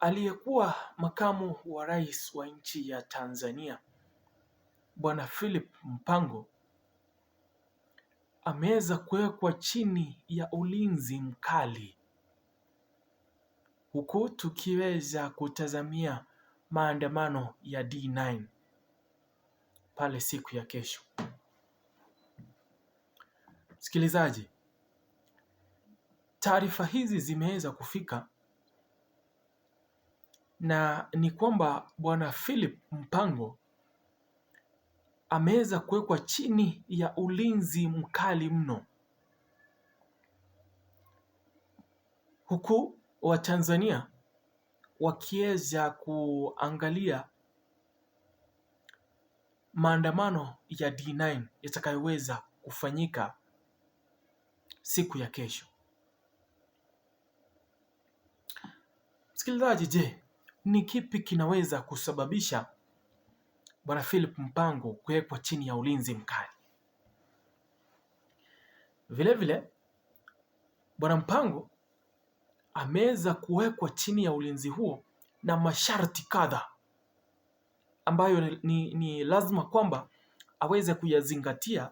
Aliyekuwa makamu wa rais wa nchi ya Tanzania Bwana Philip Mpango ameweza kuwekwa chini ya ulinzi mkali, huku tukiweza kutazamia maandamano ya D9 pale siku ya kesho. Msikilizaji, taarifa hizi zimeweza kufika na ni kwamba bwana Philip Mpango ameweza kuwekwa chini ya ulinzi mkali mno, huku Watanzania wakiweza kuangalia maandamano ya D9 yatakayoweza kufanyika siku ya kesho. Msikilizaji, je, ni kipi kinaweza kusababisha bwana Philip Mpango kuwekwa chini ya ulinzi mkali? Vilevile bwana Mpango ameweza kuwekwa chini ya ulinzi huo na masharti kadhaa ambayo ni, ni lazima kwamba aweze kuyazingatia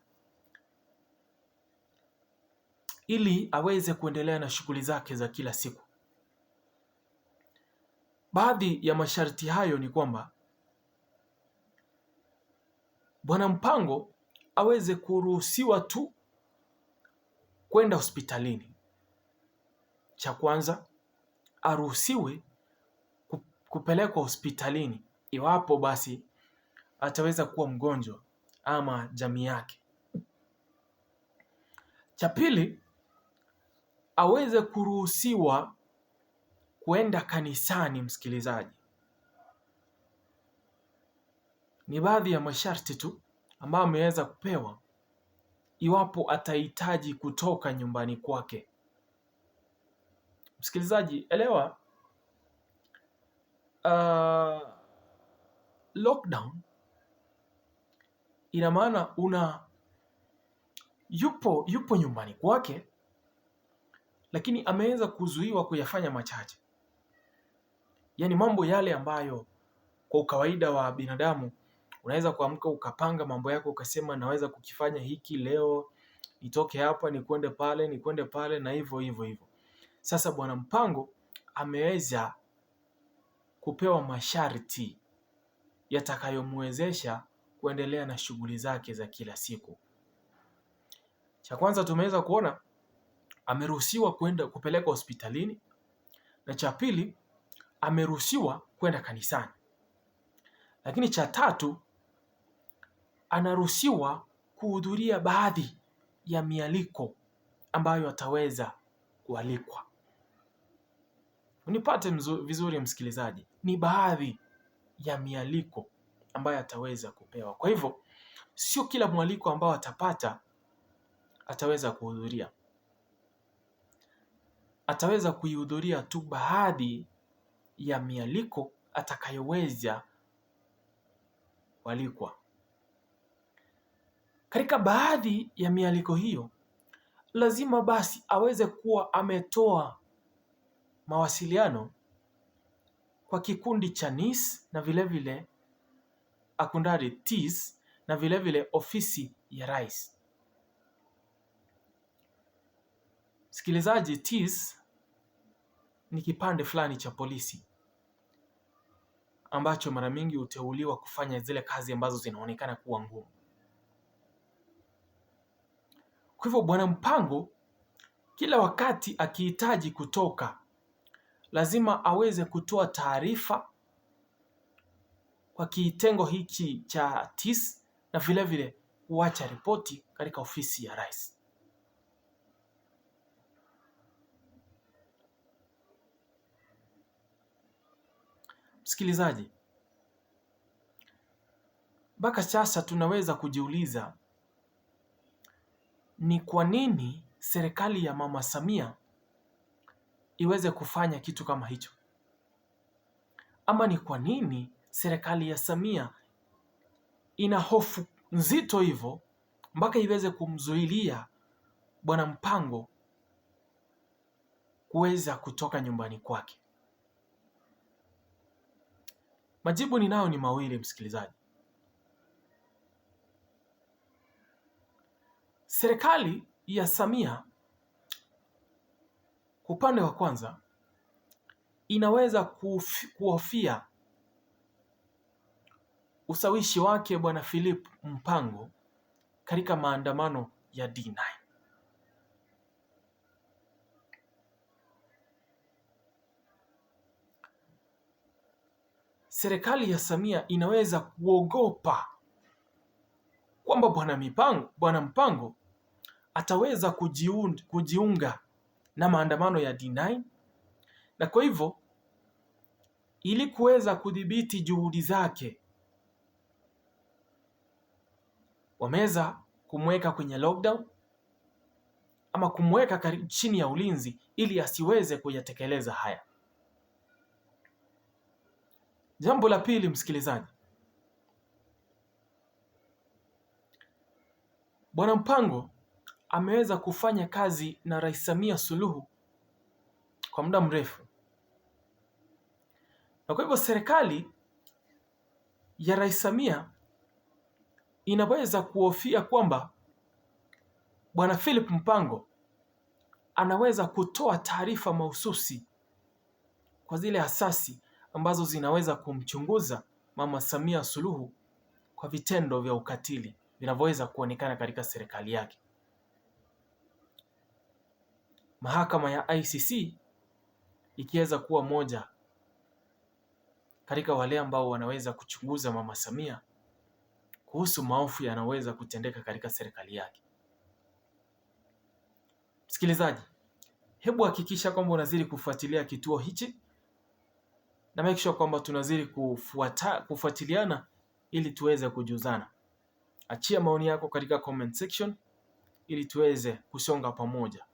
ili aweze kuendelea na shughuli zake za kila siku. Baadhi ya masharti hayo ni kwamba bwana mpango aweze kuruhusiwa tu kwenda hospitalini. Cha kwanza, aruhusiwe kupelekwa hospitalini iwapo basi ataweza kuwa mgonjwa ama jamii yake. Cha pili, aweze kuruhusiwa kwenda kanisani, msikilizaji, ni baadhi ya masharti tu ambayo ameweza kupewa iwapo atahitaji kutoka nyumbani kwake. Msikilizaji, elewa uh, lockdown ina maana una yupo yupo nyumbani kwake, lakini ameweza kuzuiwa kuyafanya machache. Yaani mambo yale ambayo kwa ukawaida wa binadamu unaweza kuamka ukapanga mambo yako ukasema naweza kukifanya hiki leo, nitoke hapa nikwende pale, nikwende pale na hivyo hivyo hivyo. Sasa Bwana Mpango ameweza kupewa masharti yatakayomwezesha kuendelea na shughuli zake za kila siku. Cha kwanza tumeweza kuona ameruhusiwa kwenda kupeleka hospitalini, na cha pili ameruhusiwa kwenda kanisani. Lakini cha tatu, anaruhusiwa kuhudhuria baadhi ya mialiko ambayo ataweza kualikwa. Unipate vizuri msikilizaji, ni baadhi ya mialiko ambayo ataweza kupewa. Kwa hivyo sio kila mwaliko ambao atapata ataweza kuhudhuria. Ataweza kuihudhuria tu baadhi ya mialiko atakayoweza walikwa. Katika baadhi ya mialiko hiyo, lazima basi aweze kuwa ametoa mawasiliano kwa kikundi cha NIS na vilevile akundari TIS na vilevile ofisi ya rais. Msikilizaji, TIS ni kipande fulani cha polisi ambacho mara mingi huteuliwa kufanya zile kazi ambazo zinaonekana kuwa ngumu. Kwa hivyo Bwana Mpango kila wakati akihitaji kutoka, lazima aweze kutoa taarifa kwa kitengo hiki cha TIS na vilevile kuacha ripoti katika ofisi ya rais. Msikilizaji, mpaka sasa tunaweza kujiuliza ni kwa nini serikali ya Mama Samia iweze kufanya kitu kama hicho, ama ni kwa nini serikali ya Samia ina hofu nzito hivyo mpaka iweze kumzuilia Bwana Mpango kuweza kutoka nyumbani kwake. Majibu ninayo ni mawili, msikilizaji. Serikali ya Samia kwa upande wa kwanza inaweza kuhofia usawishi wake Bwana Philip Mpango katika maandamano ya D9. serikali ya Samia inaweza kuogopa kwamba bwana mipango, bwana Mpango ataweza kujiund, kujiunga na maandamano ya D9 na kwa hivyo ili kuweza kudhibiti juhudi zake wameweza kumweka kwenye lockdown ama kumweka chini ya ulinzi ili asiweze kuyatekeleza haya. Jambo la pili, msikilizaji, Bwana Mpango ameweza kufanya kazi na Rais Samia Suluhu kwa muda mrefu, na kwa hivyo serikali ya Rais Samia inaweza kuhofia kwamba Bwana Philip Mpango anaweza kutoa taarifa mahususi kwa zile asasi ambazo zinaweza kumchunguza Mama Samia Suluhu kwa vitendo vya ukatili vinavyoweza kuonekana katika serikali yake. Mahakama ya ICC ikiweza kuwa moja katika wale ambao wanaweza kuchunguza Mama Samia kuhusu maovu yanaweza kutendeka katika serikali yake. Msikilizaji, hebu hakikisha kwamba unazidi kufuatilia kituo hichi na make sure kwamba tunazidi kufuata, kufuatiliana ili tuweze kujuzana. Achia maoni yako katika comment section ili tuweze kusonga pamoja.